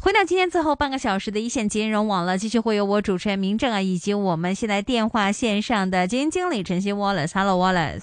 回到今天最後半個小時的一線金融網絡，繼續會有我主持人明政啊，以及我們現在電話線上的基金經理陳昕 Wallace，hello Wallace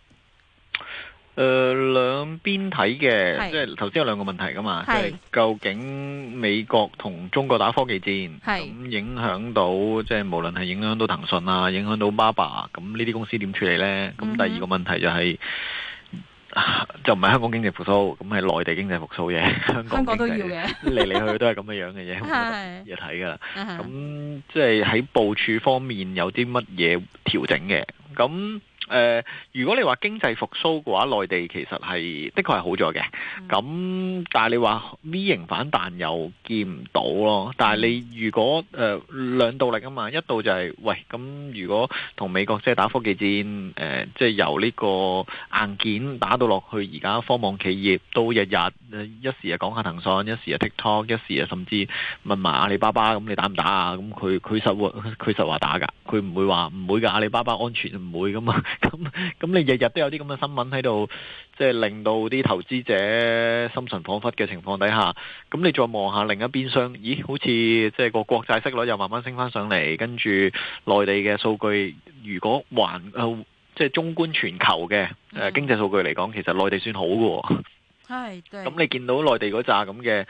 誒、呃，兩邊睇嘅，即係頭先有兩個問題噶嘛，即係究竟美國同中國打科技戰，咁影響到即係無論係影響到騰訊啊，影響到巴巴，咁呢啲公司點處理咧？咁第二個問題就係、是，嗯、 就唔係香港經濟復甦，咁係內地經濟復甦嘅，香港經濟，香港都要嘅，嚟嚟去去都係咁嘅樣嘅嘢，冇嘢睇噶啦。咁 即係喺部署方面有啲乜嘢調整嘅？咁誒、呃，如果你話經濟復甦嘅話，內地其實係的確係好咗嘅。咁但係你話 V 型反彈又見唔到咯。但係你如果誒、呃、兩道力啊嘛，一道就係、是、喂，咁如果同美國即係打科技戰，誒即係由呢個硬件打到落去，而家科網企業都日日一時啊講下騰訊，一時啊 TikTok，一時啊甚至問埋阿里巴巴咁，你打唔打啊？咁佢佢實會佢實話打㗎，佢唔會話唔會㗎，阿里巴巴安全唔會㗎嘛。咁咁，你日日都有啲咁嘅新聞喺度，即係令到啲投資者心神恍惚嘅情況底下，咁你再望下另一邊廂，咦？好似即係個國債息率又慢慢升翻上嚟，跟住內地嘅數據，如果還即係綜觀全球嘅誒、呃、經濟數據嚟講，其實內地算好喎。係，咁你見到內地嗰扎咁嘅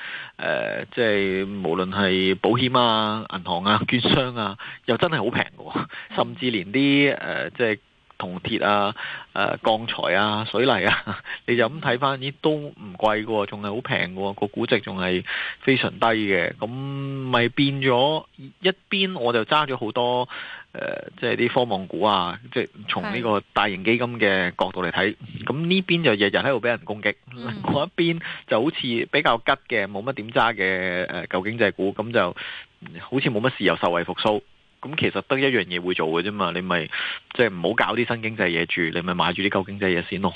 即係無論係保險啊、銀行啊、券商啊，又真係好平喎，甚至連啲即係，呃就是銅鐵啊，誒，鋼材啊，水泥啊，你就咁睇返，咦，都唔貴喎，仲係好平喎。個估值仲係非常低嘅，咁咪變咗一邊我就揸咗好多誒、呃，即係啲科網股啊，即係從呢個大型基金嘅角度嚟睇，咁呢邊就日日喺度俾人攻擊，另、嗯、外一邊就好似比較急嘅，冇乜點揸嘅誒舊經濟股，咁就好似冇乜事，由受惠復甦。咁其實得一樣嘢會做嘅啫嘛，你咪即係唔好搞啲新經濟嘢住，你咪買住啲舊經濟嘢先咯。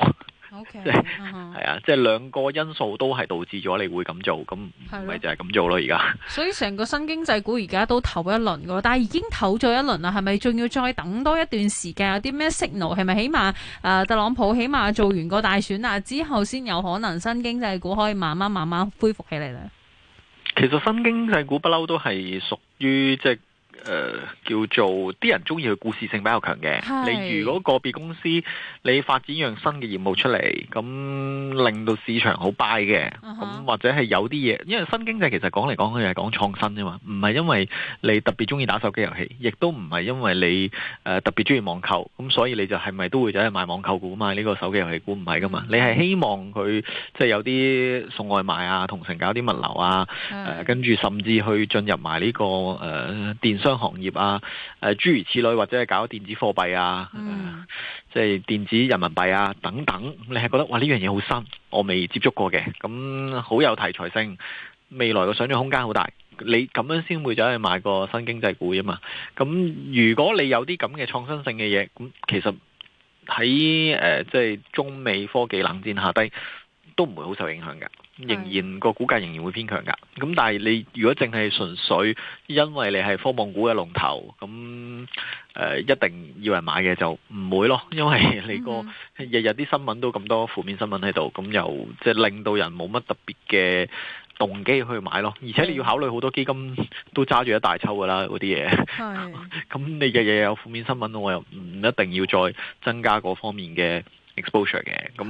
O K，係啊，即係兩個因素都係導致咗你會咁做，咁咪就係咁做咯。而家所以成個新經濟股而家都唞一輪噶咯，但係已經唞咗一輪啦。係咪仲要再等多一段時間？有啲咩 signal？係咪起碼誒特朗普起碼做完個大選啊之後，先有可能新經濟股可以慢慢慢慢恢復起嚟呢？其實新經濟股不嬲都係屬於即係。誒叫做啲人中意佢故事性比較強嘅，例如嗰個別公司你發展樣新嘅業務出嚟，咁令到市場好 buy 嘅，咁或者係有啲嘢，因為新經濟其實講嚟講去係講創新啫嘛，唔係因為你特別中意打手機遊戲，亦都唔係因為你誒特別中意網購，咁所以你就係咪都會走去買網購股啊嘛，呢個手機遊戲股唔係噶嘛？你係希望佢即係有啲送外賣啊，同城搞啲物流啊，誒跟住甚至去進入埋呢個誒電信商行業啊，誒諸如此類，或者係搞電子貨幣啊，即、嗯、係、呃就是、電子人民幣啊等等，你係覺得哇呢樣嘢好新，我未接觸過嘅，咁好有題材性，未來個想像空間好大。你咁樣先會走去買個新經濟股啊嘛。咁如果你有啲咁嘅創新性嘅嘢，咁其實喺誒即係中美科技冷戰下低，都唔會好受影響㗎。仍然個股價仍然會偏強噶，咁但係你如果淨係純粹因為你係科網股嘅龍頭，咁誒、呃、一定要人買嘅就唔會咯，因為你個、嗯、日日啲新聞都咁多負面新聞喺度，咁又即係、就是、令到人冇乜特別嘅動機去買咯。而且你要考慮好多基金都揸住一大抽噶啦，嗰啲嘢，咁 你日日有負面新聞，我又唔一定要再增加嗰方面嘅。Exposure 嘅，咁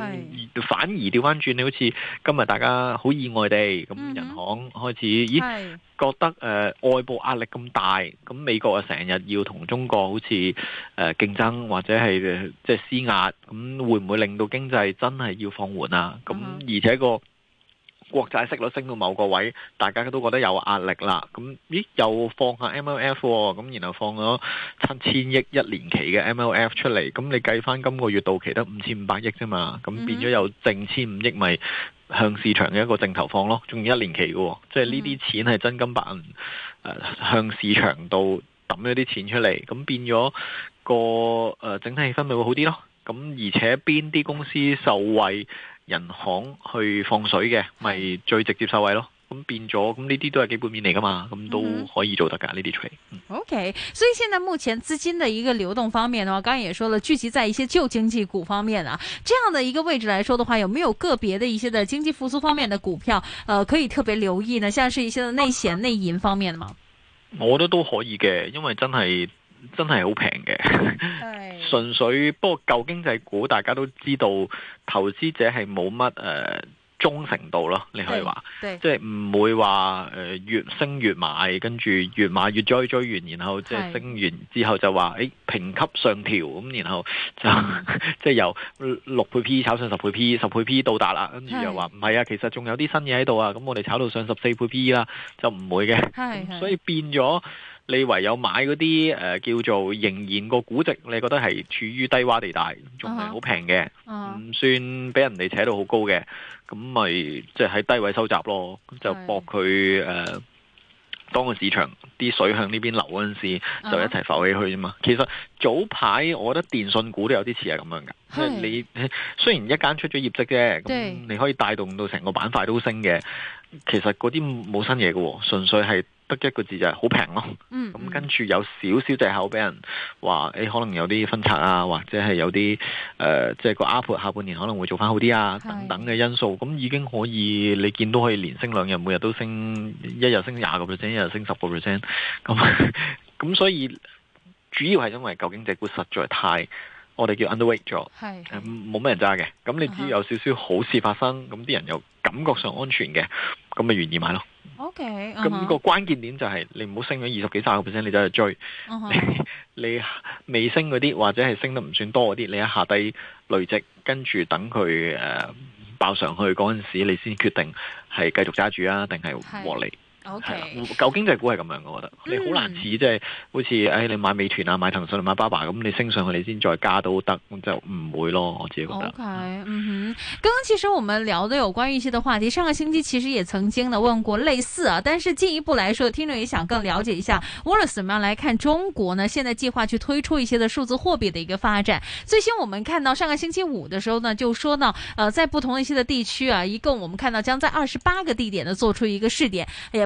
反而調翻轉，你好似今日大家好意外地，咁銀行開始，嗯、咦覺得、呃、外部壓力咁大，咁美國啊成日要同中國好似誒競爭或者係即係施壓，咁會唔會令到經濟真係要放緩啊？咁、嗯、而且個。國債息率升到某個位，大家都覺得有壓力啦。咁咦，又放下 MLF 喎，咁然後放咗七千億一年期嘅 MLF 出嚟。咁你計翻今個月到期得五千五百億啫嘛，咁變咗有淨千五億，咪向市場嘅一個淨投放咯。仲要一年期嘅，即係呢啲錢係真金白銀，誒向市場度揼咗啲錢出嚟，咁變咗個誒整體氣氛咪會好啲咯。咁而且邊啲公司受惠？人行去放水嘅，咪、就是、最直接受惠咯。咁變咗，咁呢啲都係基本面嚟噶嘛，咁都可以做得噶呢啲 trade 嗯 OK，所以現在目前資金的一個流動方面的話，剛才也說了，聚集在一些舊經濟股方面啊，這樣的一個位置來說的話，有沒有個別的一些的經濟復蘇方面的股票，呃，可以特別留意呢？像是一些內險內銀方面的嘛？我覺得都可以嘅，因為真係。真係好平嘅，純 粹，不過舊經濟股大家都知道，投資者係冇乜誒忠誠度咯，你可以話，即係唔會話誒、呃、越升越買，跟住越買越追追完，然後即係升完之後就話誒，誒評級上調咁，然後就即係 由六倍 P 炒上十倍 P，十倍 P 到達啦，跟住又話唔係啊，其實仲有啲新嘢喺度啊，咁我哋炒到上十四倍 P 啦，就唔會嘅、嗯，所以變咗。你唯有買嗰啲誒叫做仍然個估值，你覺得係處於低窪地帶，仲係好平嘅，唔、uh-huh. uh-huh. 算俾人哋扯到好高嘅，咁咪即係喺低位收集咯，uh-huh. 就搏佢誒當個市場啲水向呢邊流嗰陣時，uh-huh. 就一齊浮起去啊嘛。其實早排我覺得電信股都有啲似係咁樣㗎。Uh-huh. 即你雖然一間出咗業績啫，咁、uh-huh. 你可以帶動到成個板塊都升嘅，其實嗰啲冇新嘢嘅喎，純粹係。得一個字就係好平咯，咁、嗯嗯、跟住有少少借口俾人話誒、欸，可能有啲分拆啊，或者係有啲誒，即、呃、係、就是、個阿婆下半年可能會做翻好啲啊，等等嘅因素，咁已經可以你見到可以連升兩日，每日都升，一日升廿個 percent，一日升十個 percent，咁咁所以主要係因為究竟隻股實在太。我哋叫 underweight 咗，係冇咩人揸嘅。咁你只要有少少好事發生，咁、uh-huh. 啲人又感覺上安全嘅，咁咪願意買咯。OK，咁個關鍵點就係你唔好升咗二十幾、三十個 percent 你走去追。Uh-huh. 你未升嗰啲或者係升得唔算多嗰啲，你下低累積，跟住等佢誒、呃、爆上去嗰陣時，你先決定係繼續揸住啊，定係獲利。Uh-huh. 係、okay, 啦、啊，舊經濟股係咁樣，我覺得你難、嗯就是、好難指。即係好似誒你買美團啊、買騰訊、啊、買巴巴咁，你升上去你先再加都得，就唔會咯，我自己覺得。OK，嗯哼，剛剛其實我們聊的有關一些的話題，上個星期其實也曾經呢問過類似啊，但是進一步來說，聽眾也想更了解一下 Wallace 點樣來看中國呢？現在計劃去推出一些的數字貨幣的一個發展。最新我們看到上個星期五的時候呢，就說到呃，在不同一些的地區啊，一共我們看到將在二十八個地點呢做出一個試點，也。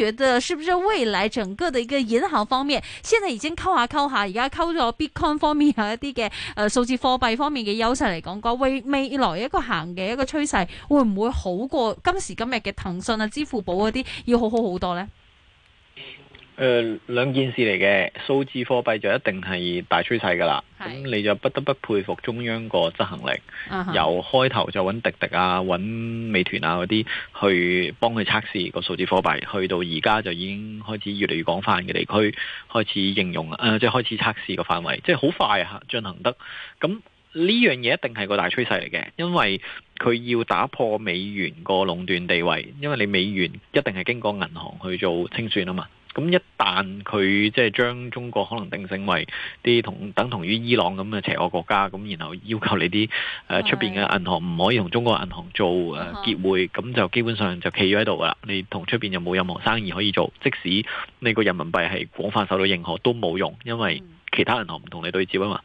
覺得是不是未來整個的一個銀行方面，現在已經溝下溝下，而家溝咗 Bitcoin 方面有一啲嘅誒，數字貨幣方面嘅優勢嚟講，話為未來一個行嘅一個趨勢，會唔會好過今時今日嘅騰訊啊、支付寶嗰啲，要好好好多咧？呃、兩件事嚟嘅數字貨幣就一定係大趨勢噶啦，咁你就不得不佩服中央個執行力。由開頭就揾滴滴啊、揾美團啊嗰啲去幫佢測試個數字貨幣，去到而家就已經開始越嚟越廣泛嘅地區開始應用啊，呃、即係開始測試個範圍，即係好快啊進行得。咁呢樣嘢一定係個大趨勢嚟嘅，因為佢要打破美元個壟斷地位，因為你美元一定係經過銀行去做清算啊嘛。咁一旦佢即係將中國可能定性為啲同等同於伊朗咁嘅邪惡國家，咁然後要求你啲誒出邊嘅銀行唔可以同中國銀行做、啊、結匯，咁就基本上就企咗喺度㗎啦。你同出邊又冇任何生意可以做，即使你個人民幣係廣泛受到認可都冇用，因為其他銀行唔同你對接啊嘛。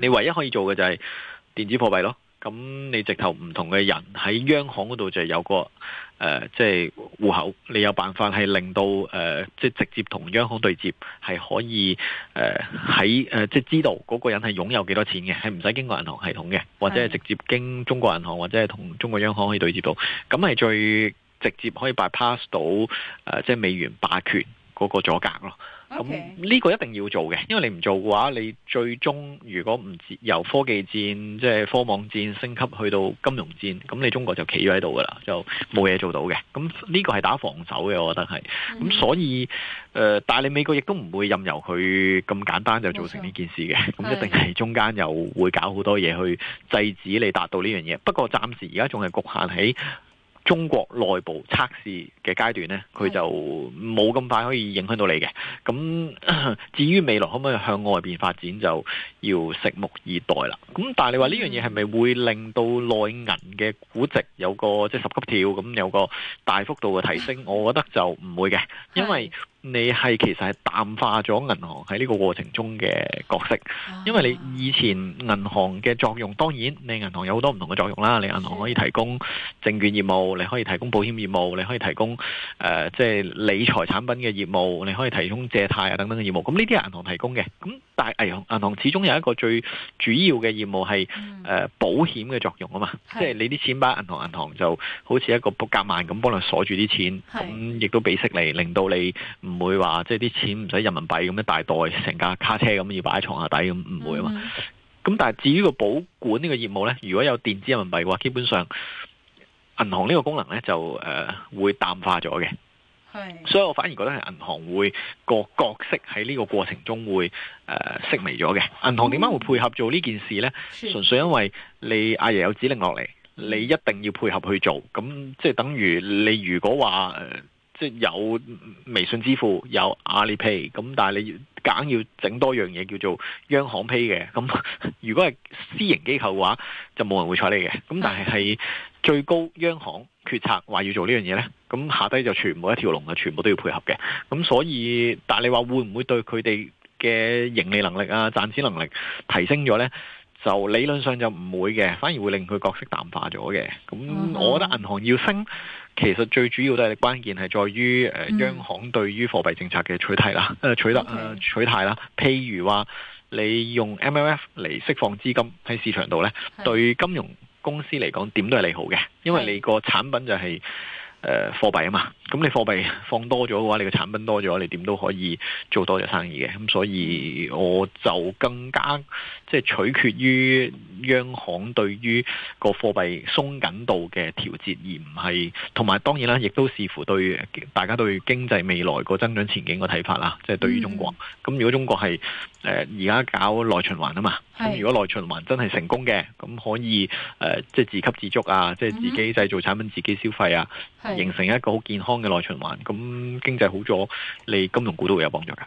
你唯一可以做嘅就係電子貨幣咯。咁你直頭唔同嘅人喺央行嗰度就有個誒，即係戶口，你有辦法係令到、呃、即係直接同央行對接，係可以喺、呃、即係知道嗰個人係擁有幾多錢嘅，係唔使經過銀行系統嘅，或者係直接經中國銀行或者係同中國央行可以對接到，咁係最直接可以 bypass 到呃、即係美元霸權嗰個阻隔咯。咁、okay. 呢個一定要做嘅，因為你唔做嘅話，你最終如果唔由科技戰即係、就是、科網戰升級去到金融戰，咁你中國就企咗喺度噶啦，就冇嘢做到嘅。咁呢個係打防守嘅，我覺得係。咁、mm-hmm. 所以，誒、呃，但係你美國亦都唔會任由佢咁簡單就做成呢件事嘅。咁一定係中間又會搞好多嘢去制止你達到呢樣嘢。Mm-hmm. 不過暫時而家仲係局限喺。中國內部測試嘅階段呢，佢就冇咁快可以影響到你嘅。咁至於未來可唔可以向外邊發展，就要拭目以待啦。咁但係你話呢樣嘢係咪會令到內銀嘅估值有個即係、就是、十級跳咁有個大幅度嘅提升？我覺得就唔會嘅，因為。你係其實係淡化咗銀行喺呢個過程中嘅角色，因為你以前銀行嘅作用，當然你銀行有好多唔同嘅作用啦。你銀行可以提供證券業務，你可以提供保險業務，你可以提供誒即係理財產品嘅業務，你可以提供借貸啊等等嘅業務。咁呢啲係銀行提供嘅。咁但係銀行銀行始終有一個最主要嘅業務係誒保險嘅作用啊嘛。即係你啲錢擺銀行，銀行就好似一個夾萬咁幫你鎖住啲錢，咁亦都俾息你，令到你唔。唔會話即係啲錢唔使人民幣咁樣大袋成架卡車咁要擺喺床下底咁唔會啊嘛。咁、mm-hmm. 但係至於個保管呢個業務呢，如果有電子人民幣嘅話，基本上銀行呢個功能呢就誒、呃、會淡化咗嘅。Mm-hmm. 所以我反而覺得係銀行會個角色喺呢個過程中會誒式、呃、微咗嘅。銀行點解會配合做呢件事呢？純、mm-hmm. 粹因為你阿爺有指令落嚟，你一定要配合去做。咁即係等於你如果話。即係有微信支付，有阿里 pay，咁但係你要硬要整多樣嘢叫做央行 pay 嘅，咁如果係私營機構嘅話，就冇人會睬你嘅。咁但係係最高央行決策話要做呢樣嘢呢，咁下低就全部一條龍嘅，全部都要配合嘅。咁所以，但係你話會唔會對佢哋嘅盈利能力啊、賺錢能力提升咗呢？就理論上就唔會嘅，反而會令佢角色淡化咗嘅。咁我覺得銀行要升，其實最主要都係關鍵係在於、呃嗯、央行對於貨幣政策嘅取態啦、呃，取得、okay. 呃、取態啦。譬如話你用 MLF 嚟釋放資金喺市場度呢，對金融公司嚟講點都係利好嘅，因為你個產品就係、是、誒、呃、貨幣啊嘛。咁你貨幣放多咗嘅話，你個產品多咗，你點都可以做多隻生意嘅。咁所以我就更加即係、就是、取決於央行對於個貨幣鬆緊度嘅調節，而唔係同埋當然啦，亦都視乎對大家對經濟未來個增長前景個睇法啦。即、就、係、是、對於中國，咁、嗯、如果中國係誒而家搞內循環啊嘛，咁如果內循環真係成功嘅，咁可以誒即係自給自足啊，即、就、係、是、自己製造產品、自己消費啊嗯嗯，形成一個好健康。嘅內循環，咁經濟好咗，你金融股都會有幫助噶。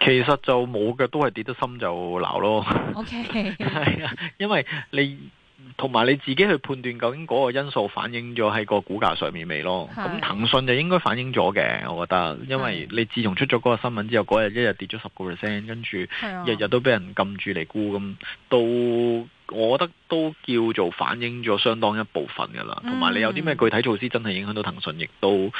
其實就冇嘅，都係跌得深就鬧咯。O K，係啊，因為你同埋你自己去判斷究竟嗰個因素反映咗喺個股價上面未咯。咁騰訊就應該反映咗嘅，我覺得，因為你自從出咗嗰個新聞之後，嗰日一日跌咗十個 percent，跟住日日都俾人撳住嚟沽，咁都。我覺得都叫做反映咗相當一部分噶啦，同埋你有啲咩具體措施真係影響到騰訊，亦都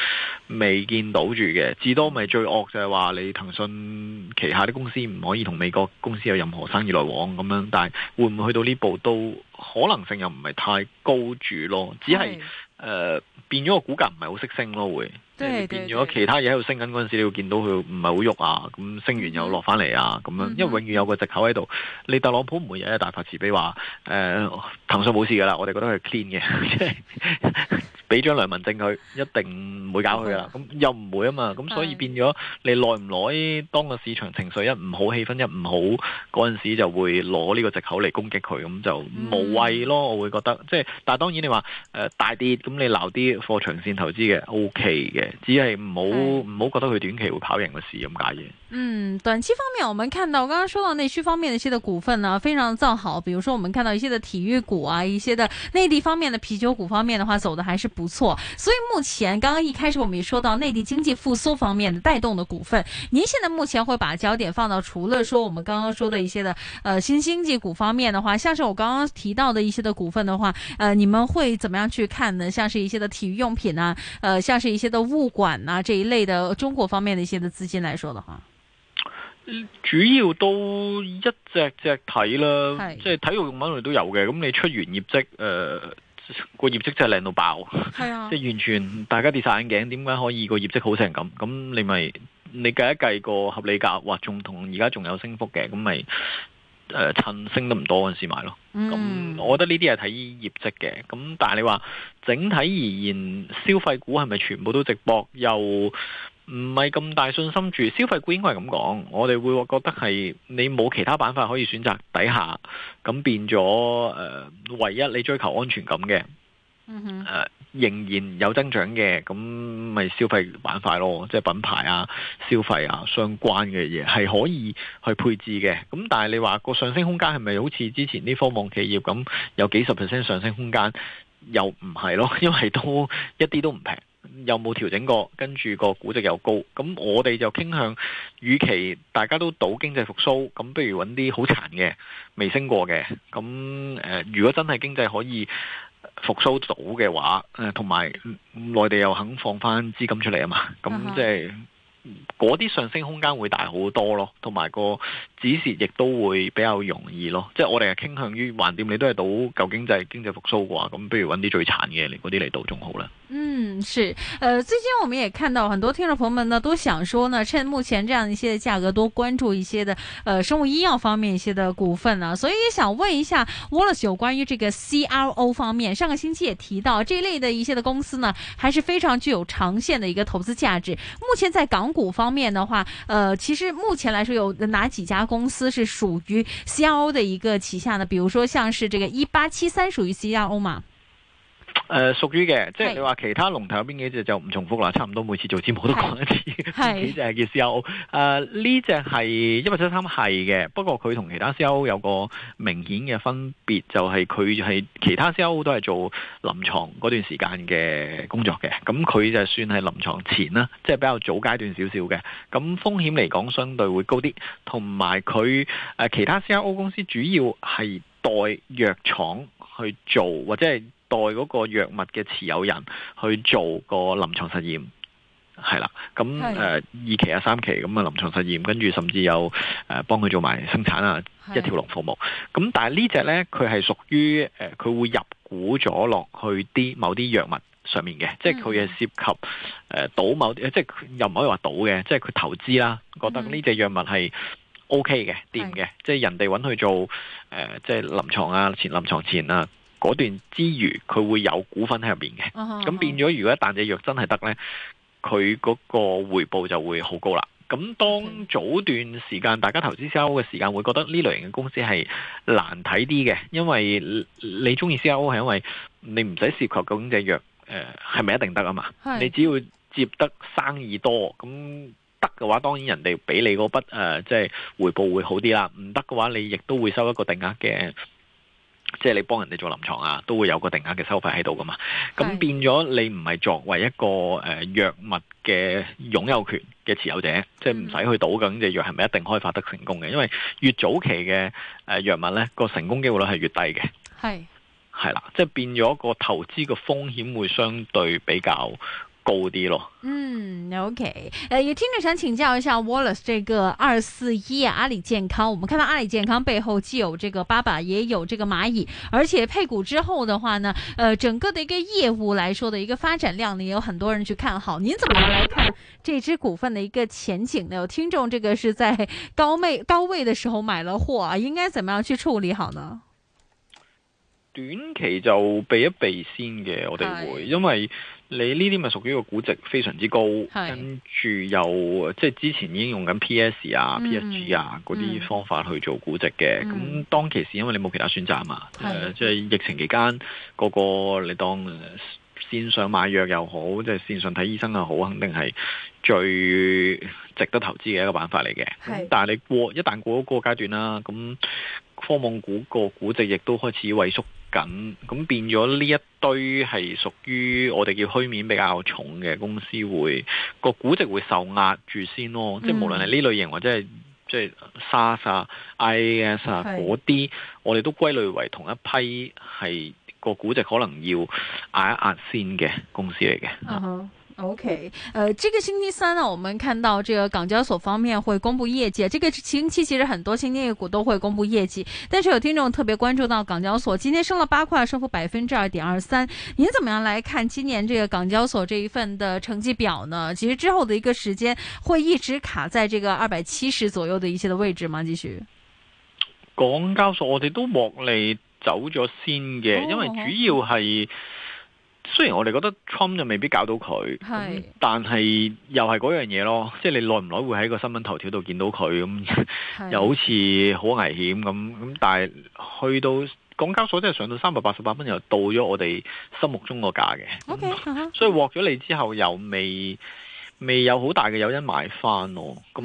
未見到住嘅。至多咪最惡就係話你騰訊旗下啲公司唔可以同美國公司有任何生意來往咁樣，但係會唔會去到呢步？都可能性又唔係太高住咯，只係。誒、呃，變咗個股價唔係好識升咯，會即係變咗其他嘢喺度升緊嗰陣時，你會見到佢唔係好喐啊，咁升完又落翻嚟啊，咁樣，嗯嗯，因為永遠有個藉口喺度。你特朗普唔會有一大發慈悲話，誒、呃，騰訊冇事噶啦，我哋覺得係 clean 嘅。 俾張良文證佢，一定唔會搞佢噶啦。咁、嗯、又唔會啊嘛，咁、嗯、所以變咗你耐唔耐，當個市場情緒一唔好，氣氛一唔好，嗰陣時就會攞呢個藉口嚟攻擊佢，咁就無謂咯、嗯。我會覺得，即係但係當然你話誒、呃、大跌，咁你鬧啲貨長線投資嘅 O K 嘅，只係唔好唔好覺得佢短期會跑贏個市咁解嘅。嗯，短期方面，我們看到剛剛說到內需方面嘅一些的股份呢、啊，非常造好。比如說，我們看到一些的體育股啊，一些的內地方面的啤酒股方面的話，走的還是不錯，所以目前剛剛一開始我們也說到內地經濟復蘇方面的帶動的股份，您現在目前會把焦點放到除了說我們剛剛說的一些的呃新經濟股方面的話，像是我剛剛提到的一些的股份的話，呃，你們會怎麼樣去看呢？像是一些的體育用品啊，呃，像是一些的物管啊這一類的中國方面的一些的資金來說的話，主要都一隻隻睇啦，即係體育用品類都有嘅，咁你出完業績，呃。個業績真係靚到爆， 啊，即係完全大家跌晒眼鏡，點解可以個業績好成咁？咁你咪你計一計個合理價，哇，仲同而家仲有升幅嘅，咁咪、呃、趁升得唔多嗰時候買咯。咁、嗯、我覺得呢啲係睇業績嘅，咁但係你話整體而言，消費股係咪全部都直搏又？唔係咁大信心住，消費股應該係咁講。我哋會覺得係你冇其他板塊可以選擇底下，咁變咗，呃，唯一你追求安全感嘅，呃，仍然有增長嘅，咁咪消費板塊咯，即係品牌啊、消費啊相關嘅嘢係可以去配置嘅。咁但係你話個上升空間係咪好似之前啲科網企業咁有幾十 percent 上升空間？又唔係咯，因為都一啲都唔平。又沒有冇調整過？跟住個估值又高，咁我哋就傾向，與其大家都賭經濟復甦，咁不如揾啲好殘嘅，未升過嘅，咁誒，如果真係經濟可以復甦到嘅話，誒，同埋內地又肯放返資金出嚟啊嘛，咁即係嗰啲上升空間會大好多咯，同埋個。只是亦都會比較容易咯，即係我哋係傾向於橫掂你都係賭舊經濟，經濟復甦嘅話，咁不如揾啲最慘嘅嚟嗰啲嚟賭仲好咧。嗯，是，誒、呃，最近我們也看到很多聽眾朋友們呢都想說呢，趁目前這樣一些價格多關注一些的，呃生物醫藥方面一些的股份啊。所以也想問一下 Wallace 有關於這個 CRO 方面，上個星期也提到這類的一些的公司呢，還是非常具有長線的一個投資價值。目前在港股方面的話，呃，其實目前來說有哪幾家？公司是屬於 C R O 的一個旗下的，比如說像是這個一八七三屬於 C R O 嘛。誒、呃，屬於嘅，即係你話其他龍頭有邊幾隻就唔重複啦，差唔多每次做節目都講一次。幾隻係 CRO，誒呢隻係，因為七三係嘅，不過佢同其他 CRO 有個明顯嘅分別，就係佢係其他 CRO 都係做臨床嗰段時間嘅工作嘅，咁佢就算係臨床前啦，即係比較早階段少少嘅，咁風險嚟講相對會高啲，同埋佢誒其他 CRO 公司主要係代藥廠去做或者係。代嗰個藥物嘅持有人去做個臨床實驗，係啦，咁誒、呃、二期啊三期咁啊臨床實驗，跟住，甚至有誒幫佢做埋生產啊一條龍服務。咁但係呢隻呢，佢係屬於誒佢會入股咗落去啲某啲藥物上面嘅，即係佢係涉及誒、呃、倒某啲，即係又唔可以話倒嘅，即係佢投資啦，覺得呢隻藥物係 O K 嘅，掂嘅，即係人哋搵佢做誒、呃、即係臨床啊前臨床前啊。嗰段之餘，佢會有股份喺入邊嘅，咁變咗如果一旦隻藥真係得呢，佢嗰個回報就會好高啦。咁當早段時間大家投資 CIO 嘅時間，會覺得呢類型嘅公司係難睇啲嘅，因為你中意 CIO 係因為你唔使涉及究竟隻藥，誒係咪一定得啊嘛？你只要接得生意多，咁得嘅話，當然人哋俾你嗰筆誒，即係回報會好啲啦。唔得嘅話，你亦都會收一個定額嘅。即係你幫人哋做臨床啊，都會有個定額嘅收費喺度噶嘛，咁變咗你唔係作為一個誒藥物嘅擁有權嘅持有者，即係唔使去賭緊隻藥係咪一定開發得成功嘅？因為越早期嘅誒藥物咧，個成功機會率係越低嘅，係係啦，即係變咗個投資嘅風險會相對比較。高啲咯，嗯，OK，呃，有聽眾想請教一下 Wallace，這個二四一阿里健康，我們看到阿里健康背後既有這個爸爸，也有這個螞蟻，而且配股之後的話呢，呃整個的一個業務來說的一個發展量呢，也有很多人去看好，您怎麼來看這支股份的一個前景呢？有聽眾這個是在高位高位的時候買了貨，啊，應該怎麼樣去處理好呢？短期就避一避先嘅，我哋會、hey. 因為。你呢啲咪屬於個估值非常之高，跟住又即係之前已經用緊 PS 啊、PSG 啊嗰啲、嗯、方法去做估值嘅。咁、嗯、當其時因為你冇其他選擇啊嘛，即係、呃就是、疫情期間個個你當線上買藥又好，即係線上睇醫生又好，肯定係最值得投資嘅一個辦法嚟嘅。但係你過一旦過咗個階段啦，咁科網股個估值亦都開始萎縮。緊咁變咗呢一堆係屬於我哋叫虛面比較重嘅公司會，會個估值會受壓住先咯。嗯、即係無論係呢類型或者係即係 SaaS 沙、啊、IaaS 啊嗰啲，我哋都歸類為同一批係個估值可能要壓一壓先嘅公司嚟嘅。嗯 OK，呃，這個星期三呢，我們看到這個港交所方面會公布業績。這個星期其實很多新經濟股都會公布業績，但是有聽眾特別關注到港交所今天升了八塊，升幅百分之二點二三。您怎麼樣來看今年這個港交所這一份的成績表呢？其實之後的一個時間會一直卡在這個二百七十左右的一些的位置嗎？繼續。港交所，我哋都獲利走咗先嘅，oh, 因為主要係、oh, okay. 雖然我哋覺得 Trump 就未必搞到佢、嗯，但係又係嗰樣嘢咯，即係你耐唔耐會喺個新聞頭條度見到佢咁、嗯，又好似好危險咁咁、嗯嗯，但係去到港交所真係上到三百八十八蚊，又到咗我哋心目中個價嘅。嗯 okay, uh-huh. 所以獲咗你之後又未。未有好大嘅誘因買翻咯，咁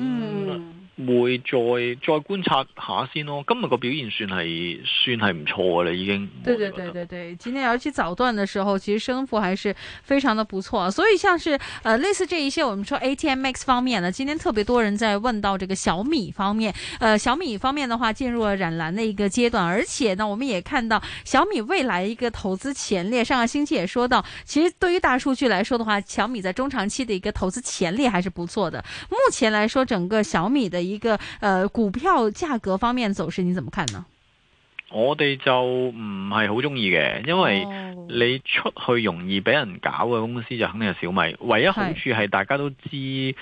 會、嗯、再再觀察一下先咯。今日個表現算係算係唔錯嘅啦，已經。對對對對對，今天尤其早段的時候，其實升幅還是非常的不錯。所以，像是呃，類似這一些，我們說 ATMX 方面呢，今天特別多人在問到這個小米方面。呃，小米方面的話，進入了染藍的一個階段，而且呢，我們也看到小米未來一個投資前列。上個星期也說到，其實對於大數據來說的話，小米在中長期的一個投資前列。潛力還是不錯的。目前來說，整個小米的一個，呃，股票價格方面走勢，你怎麼看呢？我哋就唔係好中意嘅，因為你出去容易俾人搞嘅公司就肯定係小米。唯一好處係大家都知道是，即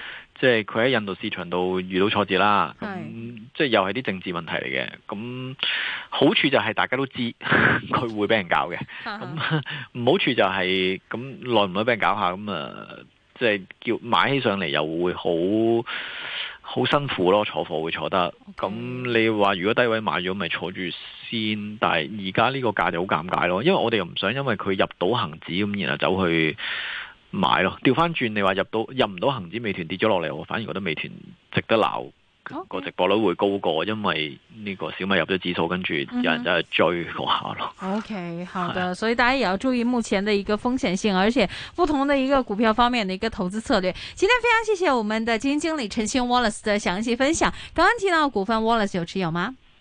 係佢喺印度市場度遇到挫折啦。係，即係又係啲政治問題嚟嘅。咁好處就係大家都知佢會俾人搞嘅。咁 唔好處就係咁耐唔耐俾人搞下咁啊？即係叫買起上嚟，又會好好辛苦咯，坐貨會坐得。咁，okay. 嗯，你話如果低位買咗，咪坐住先。但係而家呢個價就好尷尬咯，因為我哋又唔想因為佢入到恒指咁，然後走去買咯。調翻轉你話入到入唔到恒指，美團跌咗落嚟，我反而覺得美團值得鬧。個直播率會高過，因為呢個小米入咗指數，跟住有人就去追過個下咯。O、okay, K，好的，所以大家也要注意目前的一個風險性，而且不同的一個股票方面的一個投資策略。今天非常謝謝我們的基金經理陳昕 Wallace 的詳細分享。剛剛提到股份 Wallace 有持有嗎？